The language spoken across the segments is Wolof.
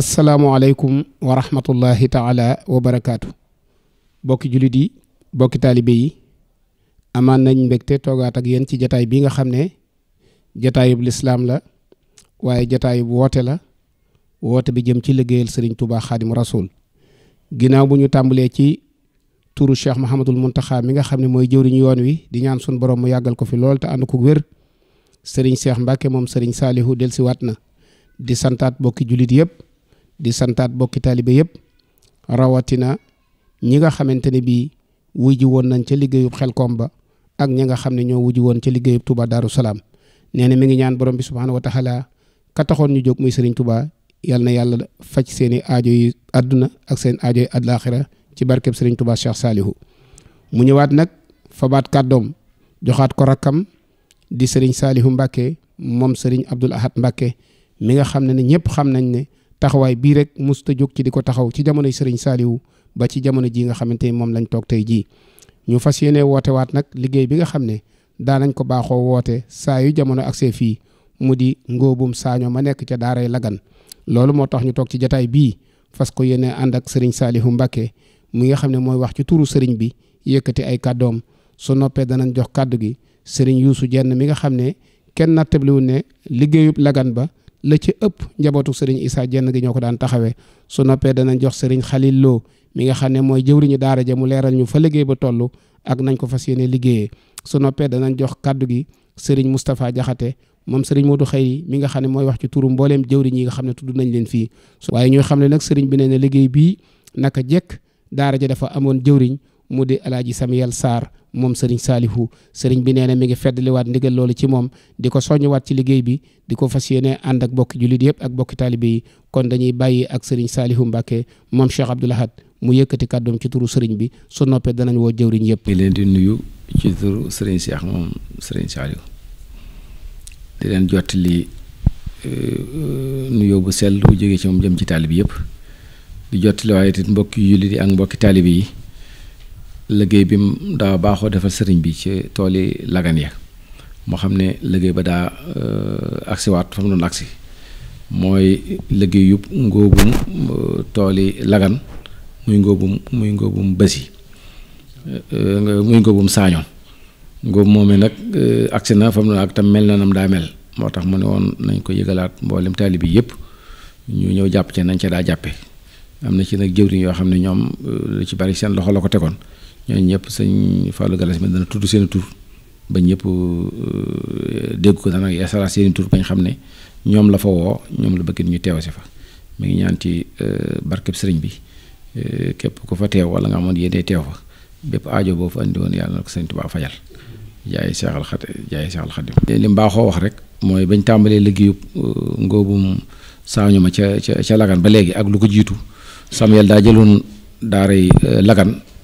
asalaamualeykum wa rahmatullahi taala wa bokki jullit yi bokki taalibe yi amaan nañ mbégte toogaat ak yéen ci jataay bii nga xam ne jataayub lislaam la waaye jataayub woote la woote bi jëm ci liggéeyal sëriñ Tuubaa xaadim rasul ginnaaw bu ñu tàmbalee ci turu cheikh Mahamadul Muntaxa mi nga xam ne mooy jëwriñu yoon wi di ñaan sun borom mu yàggal ko fi lool te ànd ko wér sëriñ cheikh Mbàkke moom sëriñ Saalihu dellusiwaat na di santaat bokki jullit yëpp di santaat bokki taalibe yëpp rawatina ñi nga xamante ne bii wuji woon nañ ca liggéeyub koom ba ak ñi nga xam ne ñoo wuji woon ca liggéeyub tubaa Darou Salaam nee na mi ngi ñaan borom bi subhaanahu wa taala ka taxoon ñu jóg muy Serigne tubaa yal na yàlla faj seen i aajo yi àdduna ak seen aajo yi àllaaxira ci barkeb sëriñ Touba Cheikh Salihu mu ñëwaat nag fabaat kàddoom joxaat ko rakkam di sëriñ Salihu Mbacke moom Serigne Abdoul Ahad Mbacke mi nga xam ne ne ñëpp xam nañ ne. taxawaay bii rek musta jóg ci di ko taxaw ci jamonoy sëriñ Saliou ba ci jamono ji nga xamante ni moom lañ toog tey jii ñu fas yéene woote nag liggéey bi nga xam ne daanañ ko baaxoo woote saa yu jamono ak fii mu di ngóobum saañoo ma nekk ca daaray lagan loolu moo tax ñu toog ci jataay bii fas ko yeneen ànd ak sëriñ Saliou Mbacké mi nga xam ne mooy wax ci turu sëriñ bi yëkkati ay kàddoom su noppee danañ jox kàddu gi sëriñ Youssou jenn mi nga xam ne kenn nattabli wu ne liggéeyub lagan ba la ci ëpp njabootu sëriñ Issa jenn gi ñoo ko daan taxawee su noppee danañ jox sëriñ Xalil Lo mi xam ne mooy jëwriñu daara ja mu leeral ñu fa liggéey ba toll ak nañ ko fas yéene liggéeyee su noppee danañ jox kàddu gi sëriñ Moustapha Jaxate moom sëriñ Modou Xëy mi nga xam ne mooy wax ci turu mbooleem jëwriñ yi nga xam ne tudd nañ leen fii waaye ñoo xam ne nag sëriñ bi nee na liggéey bii naka jekk daara ja dafa amoon jëwriñ mu di alaaji Samuel Sarr moom sëriñ saalihu sëriñ bi nee na mi ngi feddliwaat ndigal loolu ci moom di ko soññuwaat ci liggéey bi di ko fas yenee ànd ak bokki jullit yëpp ak bokki taalibe yi kon dañuy bàyyi ak sëriñ saalihu Mbàkke moom Cheikh Abdoul Ahad mu yëkkati kàddoom ci turu sëriñ bi su noppee danañ woo jëwriñ yëpp di di nuyu ci turu sëriñ Cheikh moom sëriñ leen jottali euh, euh, nuyoo bu sell bu jógee ci moom jëm ci taalibe yëpp di jottali waaye it mbokki jullit yi ak mbokki yi liggéey bi mu daa baaxoo defal sëriñ bi ci tool yi lagan ya moo xam ne liggéey ba daa euh, agsiwaat fa mu doon agsi mooy liggéey yu ngóobum euh, tool yi lagan muy ngóobum muy ngóobum bësi euh, muy ngóobum saañoon ngóob moomee nag agsi na fa mu doon ak tam mel na nam daa mel moo tax mu ne woon nañ ko yëgalaat mboolem taalibe yi yëpp ñu ñëw jàpp ci nañ ca daa jàppe am na ci nag jëwriñ yoo xam ne ñoom lu ci bari seen loxo la ko tegoon ñooñu ñëpp sëñ Fallou Galass mi dana tudd seen tur ba ñëpp euh, dégg ko dana yeesalaat seen tur bañ xam ne ñoom la fa woo ñoom la bëgg ñu teew si fa mi ngi ñaan euh, barkeb sëriñ bi euh, képp ku fa teew wala nga amoon yéene teew fa bépp aajo boo fa andi woon yàlla na ko sëñ Tuubaa fajal jaay seexal xat jaay seexal xadim li mbaaxoo wax rek mooy bañ tàmbalee liggéeyub ngóobum saañu ma ca ca ca lagan ba léegi ak lu ko jiitu Samuel daa jëloon daaray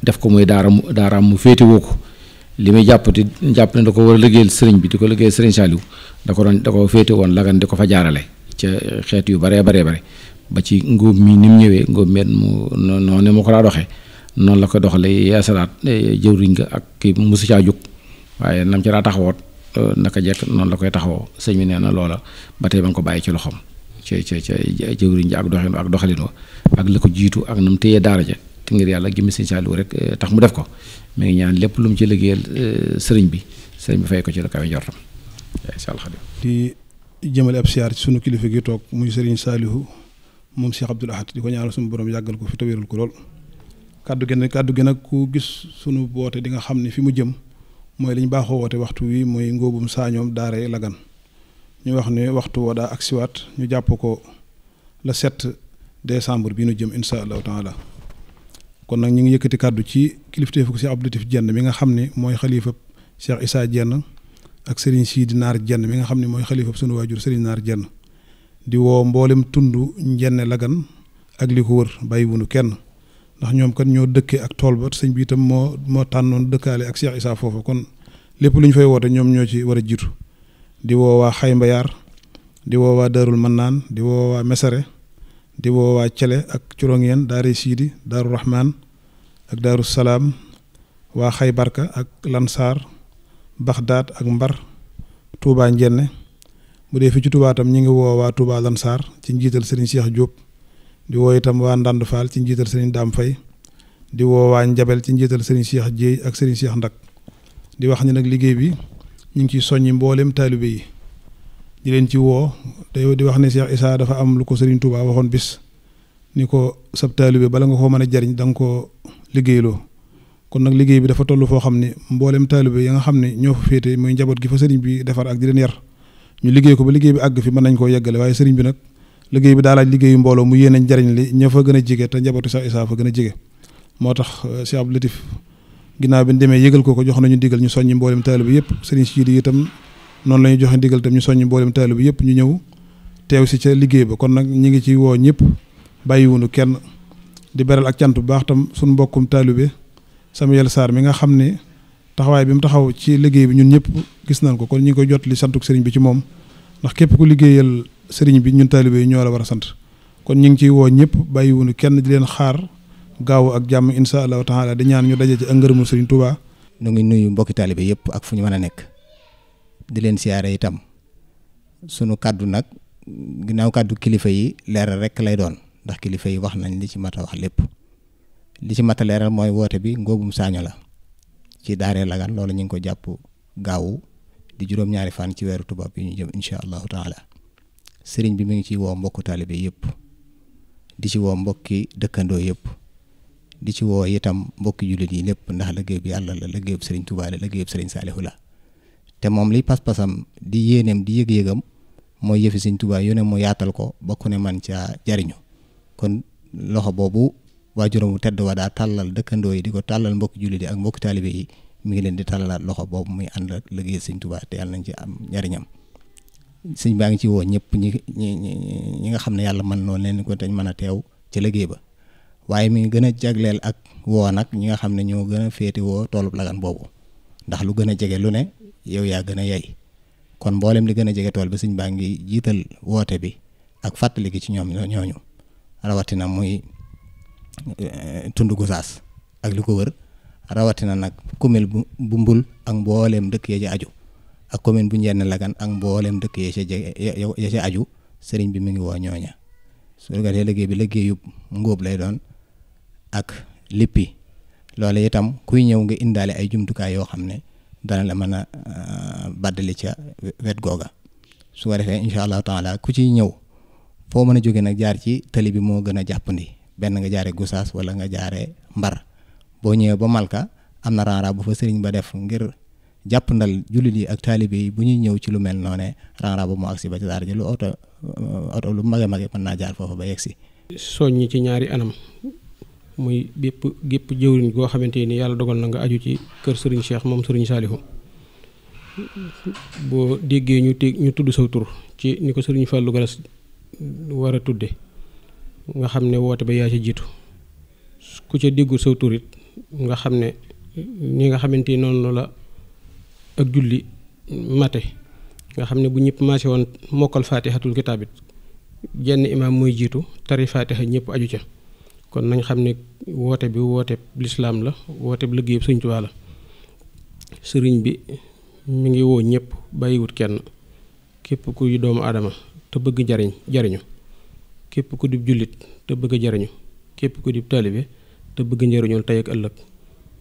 def ko muy daara daaraam mu féete woo ko li muy jàppati jàpp ne da ko war a liggéey sëriñ bi di ko liggéeyal sëriñ Saliou da ko doon da féete woon lagan di ko fa jaarale ca eh, xeet yu baree baree bare ba ci ngóob mi ni ñëwee ngóob mi mu noonu ne ma ko daa doxee noonu la ko doxale yeesalaat eh, jëwriñ nga ak kii mosu caa waaye nam ci daa eh, naka jekk noonu la koy taxawoo sëñ bi nee na loola ba tey ba ko bàyyi ci loxoom ca ca ca ak doxalin ak la ko jiitu ak nam téye daara ja te ngir yàlla jëmmi sëñ Saaliw rek eh, tax mu def ko mi ngi ñaan lépp lu mu ci liggéeyal eh, sëriñ bi sëriñ bi fay ko ci la kawe njortam incha allah di jëmale ab siyaar ci sunu kilifa gi toog muy sëriñ Saalihu moom Cheikh Abdoul Ahad di ko ñaanal suñu borom yàggal ko fi te wéral ko lool kàddu gi kàddu gi nag ku gis sunu boote di nga xam ne fi mu jëm mooy li ñu baaxoo woote waxtu wi mooy ngóobum saañoom daare lagan ñu wax ne waxtu woo daa ak siwaat ñu jàpp ko le 7 décembre bi nu jëm incha allahu taala kon nag ñu ngi yëkkati kàddu ci kilifteefu Cheikh Abdou Latif jenn mi nga xam ne mooy xalifa Cheikh Issa Diène ak sii di Naar jenn mi nga xam ne mooy xalifa sunu waajur Serigne Naar jenn di woo mboolem tundu njenne lagan ak li ko wër bàyyiwunu kenn ndax ñoom kan ñoo dëkkee ak tool ba sëñ bi itam moo moo tànnoon dëkkaale ak Cheikh Issa foofa kon lépp lu ñu fay woote ñoom ñoo ci war a jiitu di woo waa Xay Mbayaar di woo waa Darul Mannaan di woo waa di woowaa Cele ak Curongeen daaray Siidi daaru Rahman ak daaru Salaam waa barka ak Lansaar Baxdaad ak Mbar Touba Njenne bu dee fi ci Touba tam ñu ngi woo waa Touba Lansaar ci njiital Serigne Cheikh Diop di woo itam waa Ndand ci njiital Serigne Dame Faye di woo waa Njabel ci njiital Serigne Cheikh Dieye ak Serigne Cheikh Ndak di wax ni nag liggéey bi ñu ngi ciy soññi mboolem taalibe yi. di ci woo te yow di wax ne Cheikh Issa dafa am lu ko Serigne Touba waxoon bis ni ko sab taalibe bala nga koo mën a jariñ da nga liggéey loo kon nag liggéey bi dafa toll foo xam ne mboolem taalibe ya nga xam ne ñoo fa féete muy njaboot gi fa Serigne bi defar ak di leen ñu liggéey ko ba liggéey bi àgg fi mën nañ koo yeggale waaye Serigne bi nag liggéey bi daa laaj mbooloo mu yéenañ jariñ li ña fa gën a jige te njabootu Cheikh Issa fa gën a jige moo tax euh, Cheikh Abdou Latif ginnaaw bi ñu demee yëgal ko ko jox nañu digal ñu soññi mboolem taalibe yëpp Serigne si itam noonu la ñuy joxe ndigal tam ñu soññ mboolem taalibe bi yëpp ñu ñëw teew si ca liggéey ba kon nag ñu ngi ci woo ñëpp bàyyiwunu kenn di beral ak cant bu baax tam suñu mbokkum taalibe Samuel Sarr mi nga xam ne taxawaay bi mu taxaw ci liggéey bi ñun ñëpp gis nañ ko kon ñu ngi jot li santuk sëriñ bi ci moom ndax képp ku liggéeyal sëriñ bi ñun taalibe yi ñoo la war a sant kon ñu ngi ciy woo ñëpp bàyyiwunu kenn di leen xaar gaaw ak jàmm insha allahu taala di ñaan ñu daje ci ëngërëmu sëriñ Touba. ñu ngi nuyu mbokki taalibe yëpp ak fu ñu mën a nekk. di leen siyaare itam sunu kàddu nag ginnaaw kàddu kilifa yi leeral rek lay doon ndax kilifa yi wax nañ li ci mat a wax lépp li ci mat a leeral mooy woote bi ngóobum saaño la ci daaree lagan loolu ñu ngi ko jàpp gaawu di juróom-ñaari fan ci weeru tubaab yi ñu jëm incha allahu taala sëriñ bi mu ngi ci woo mbokku taalibe yëpp di ci woo mbokki dëkkandoo yëpp di ci woo itam mbokki jullit yi lépp ndax liggéey bi yàlla la liggéeyub sëriñ Tuubaa la liggéeyub sëriñ Saalihu la te moom li pas-pasam di yéeneem di yëg-yëgam mooy yëfi Sëñ Tuubaa yone mu yaatal ko ba ku ne man caa jariñu kon loxo boobu waajuram mu tedd waa daa tàllal dëkkandoo yi di ko tàllal mbokki jullit yi ak mbokki taalibe yi mi ngi leen di tàllalaat loxo boobu muy ànd ak liggéey Sëñ Tuubaa te yàlla nañ ci am njariñam sëñ baa ngi ci woo ñëpp ñi ñi ñi nga xam ne yàlla mën noonu leen ko dañ mën a teew ci liggéey ba waaye mi ngi gën a jagleel ak woo nag ñi nga xam ne ñoo gën a féeti woo toolub lagan ndax lu gën a jege lu ne yow yaa gën a yay kon mboolem li gën a jege tool ba sëñ baa ngi jiital woote bi ak fàttali gi ci ñoom ñooñu rawatina muy eh, tund Gosaas ak li ko wër rawatina nag commune bu Mbul ak mboolem dëkk yee ci aju ak commune bu Njenn Lagan ak mbooleem dëkk yee ci jege sëriñ bi mu ngi woo ñooña su regatee liggéey bi liggéeyub ngóob lay doon ak lippi loole itam kuy ñëw nga indaale ay jumtukaay yoo xam ne dana la mën a euh, baddali ca wet googa su ko defee incha allahu taala ku ci ñëw foo mën a jóge nag jaar ci tali bi moo gën a jàppandi benn nga jaare Gossas wala nga jaare Mbar boo ñëwee ba Malka am na ranra bu fa sëriñ ba def ngir jàpp ndal jullit yi ak taalibe yi bu ñuy ñëw ci lu mel noone ranra bu mu agsi ba ci daara lu oto euh, oto lu mage mage mën naa jaar foofu ba yegsi soññ ci ñaari anam muy bépp gépp jëwriñ goo xamante ni yàlla dogal na nga aju ci kër sëriñ Cheikh moom sëriñ Saalihu boo déggee ñu te ñu tudd saw tur ci ni ko sëriñ Fallou Galas war a tudde nga xam ne woote ba yaa ci jiitu ku ca déggul saw tur it nga xam ne ni nga xamante noonu la ak julli mate nga xam ne bu ñëpp maase woon mokkal faatihatul kitaabit jenn imaam mooy jiitu tari faatiha ñëpp aju ca kon nañ xam ne woote bi woote lislaam la woote bi liggéey sëriñ Tuubaa la sëriñ bi mu ngi woo ñëpp bàyyiwut kenn képp kuy doomu aadama te bëgg jariñ jariñu képp ku dib jullit te bëgg jariñu képp ku dib taalibe te bëgg njariñul tey ak ëllëg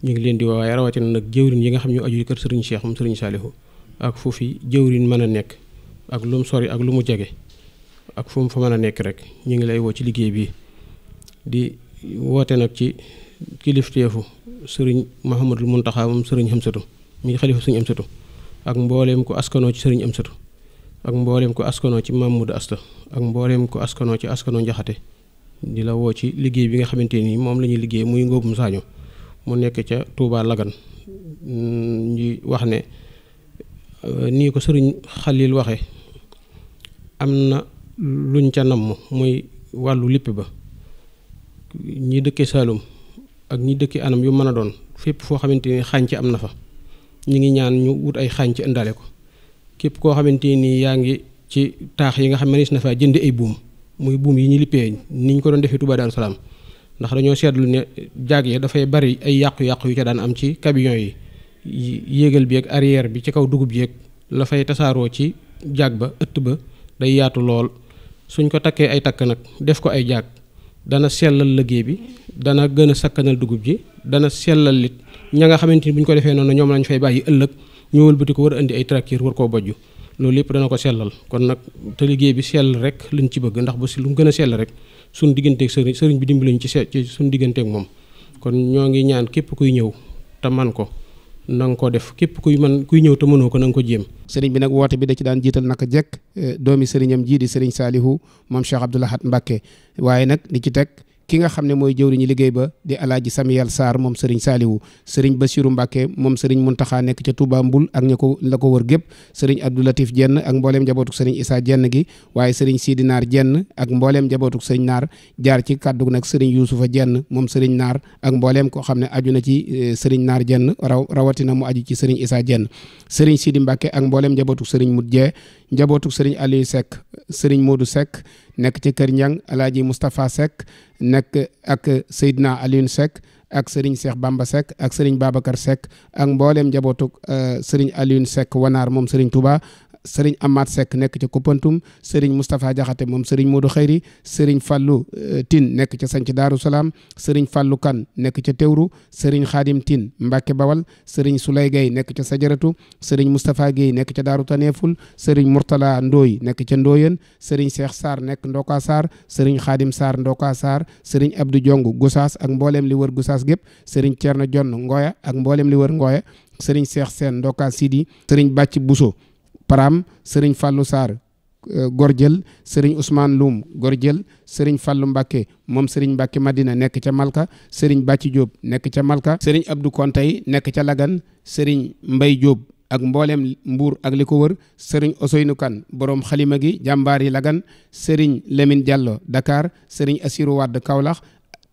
ñu ngi leen di waaye rawatina nag jëwriñ yi nga xam ñu aju kër sëriñ Cheikh moom sëriñ Saalihu ak fu fi jëwriñ mën a nekk ak lu mu sori ak lu mu jege ak fu mu fa mën a nekk rek ñu ngi lay woo ci liggéey bii di woote nag ci kilifteefu sëriñ Mouhamadul mun moom sëriñ Amsatou mi xalifa sëriñ Amsatou ak mbooleem ko askanoo ci sëriñ Amsatou ak mbooleem ko askanoo ci Mamoudou Asta ak mbooleem ko askanoo ci askanoo Njaxate di la woo ci liggéey bi nga xamante nii moom lañuy liggéey muy ngóobum saaño mu nekk ca Touba Lagan ñi wax ne euh, nii ko sëriñ Xalil waxe am na luñ ca namm muy wàllu lipp ba ñi dëkkee Saloum ak ñi dëkkee anam yu mën a doon fépp foo xamante ni xànc am na fa ñu ngi ñaan ñu wut ay xànc indaale ko képp koo xamante nii yaa ngi ci taax yi nga xam ne na faa jënd ay buum muy buum yi ñu lippee ni ñu ko doon defee Touba Darou Salaam ndax dañoo seetlu ne jaag yi dafay bari ay yàqu-yàqu yu ca daan am ci camion yi yéegal bi ak arrière bi ci kaw dugub yeeg la fay tasaaroo ci jaag ba ëtt ba day yaatu lool suñ ko takkee ay takk nag def ko ay jaag dana sellal liggéey bi dana gën a sakkanal dugub ji dana sellal lit ña nga xamante ni bu ñu ko defee noonu ñoom lañu fay bàyyi ëllëg ñëwal bëti ko war a indi ay tracteur war koo bojju loolu yëpp dana ko sellal kon nag te liggéey bi sell rek lañ ci bëgg ndax ba si lu mu gën a sell rek suñ digganteeg sëriñ sëriñ bi dimbali lañ ci ci suñ digganteeg moom kon ñoo ngi ñaan képp kuy ñëw te man ko na nga ko def képp kuy mën kuy ñëw te mënoo ko na ko jéem seriñ bi nag woote bi da ci daan jiital naka jekk eh, doomi seriñam jii di sëriñ saalihu moom Cheikh Abdoul Ahad Mbacké waaye nag di ci teg ki nga xam ne mooy jëwriñu liggéey ba di alaaji Samiyal saar moom Serigne Saliou Serigne Bassirou Mbacke moom Serigne Mountakha nekk ca Touba Mboul ak ña ko la ko wër gépp Serigne Abdou Latif Jenn ak mbooleem njabootuk Serigne Issa Jenn gi waaye Serigne Sidi Naar Jenn ak mbooleem njabootuk Serigne Naar jaar ci kàddu nag Serigne Youssoufa Jenn moom Serigne Naar ak mbooleem koo xam ne aju na ci eh, Serigne Naar Jenn raw rawatina mu aju ci Serigne Issa Jenn Serigne Sidi Mbacke ak mbooleem njabootuk Serigne Mut Jee njabootuk Serigne Aliou Seck Serigne Modou Seck nekk ci kër Njang alaaji Moustapha Seck nekk ak Seydina Alioune Seck ak Serigne Cheikh Bamba Seck ak Serigne Babacar sek ak mbooleem njabootu euh, Serigne Alioune Seck wanaar moom Serigne Touba sëriñ Amath Seck nekk ci Koupantoum sëriñ Moustapha Diakhaté moom sëriñ Modou Khayri sëriñ Fallou euh, Tine nekk ca Sanc Daaru Salaam sëriñ Fallou Kane nekk ca Tewru sëriñ Khadim Tine Mbacke Bawal sëriñ Souley Gueye nekk ca Sajaratu sëriñ Moustapha Gueye nekk ca Daaru Taneeful sëriñ Mourtala Ndoy nekk ca Ndoyen sëriñ Cheikh Sarr nekk Ndoka Sarr sëriñ Khadim Sarr Ndoka Sarr sëriñ Abdou Diong Gossas ak mboolem li wër gusaas gépp sëriñ Thierno Dione Ngoya ak mboolem li wër Ngoya sëriñ Cheikh Sène Ndoka Sidi sëriñ Bàcc Bousso Param sëriñ fallu saar euh, Gorjël sëriñ Ousmane Loum Gorjël sëriñ fallu Mbacke moom sëriñ Mbacke Madina nekk ca Malka sëriñ Bàcci jóob nekk ca Malka. sëriñ Abdou Kontey nekk ca Lagan sëriñ Mbay Diop ak mboolem mbuur ak li ko wër sëriñ Ousseynou Kane borom xalima gi jàmbaar yi Lagan sëriñ lemin Diallo Dakar sëriñ Assirou Wade Kaolack.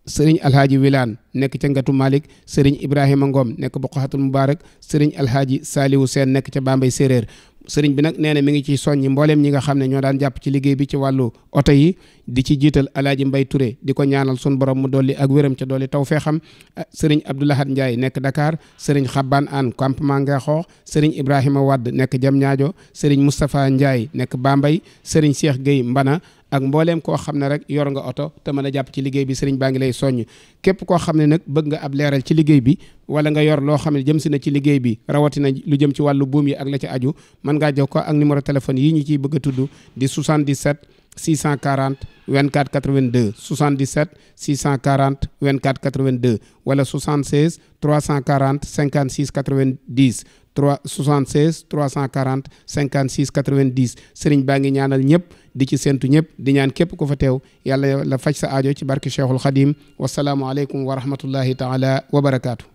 sëriñ alhaaji wilaan nekk ca ngatu malik sëriñ ibrahima ngoom nekk bu xoxatul mubaarak sëriñ alhaaji saaliwu seen nekk ca bambay séeréer sëriñ bi nag nee na mi ngi ci soññi mbooleem ñi nga xam ne ñoo daan jàpp ci liggéey bi ci wàllu oto yi di ci jiital alaaji mbay Touré di ko ñaanal sun borom mu dolli ak wéram ca dolli taw fee xam eh, sëriñ Abdoulahat Ndiaye nekk Dakar sëriñ Xabbaan Aan campement Ngaxoox sëriñ Ibrahima Wadd nekk Jamñaajo sëriñ Moustapha Ndiaye nekk Bambay sëriñ Cheikh Gueye Mbana ak mbooleem koo xam ne rek yor nga oto te mën a jàpp ci liggéey bi sëriñ baa ngi lay soññ képp koo xam ne nag bëgg nga ab leeral ci liggéey bi wala nga yor loo xam ne jëm si na ci liggéey bi rawatina lu jëm ci wàllu buum yi ak la ci aju mën ngaa jox ko ak numéro téléphone yi ñu ciy bëgg a tudd di 77 640 24 82 77 640 24 82 wala 76 340 56 90 3 76 340 56 90 sëriñ baa ngi ñaanal ñëpp di ci séntu ñëpp di ñaan képp ku fa teew yàlla la faj sa aajo ci barke cheikhul xadim wasalaamualeykum wa rahmatullahi taala wa barakaatu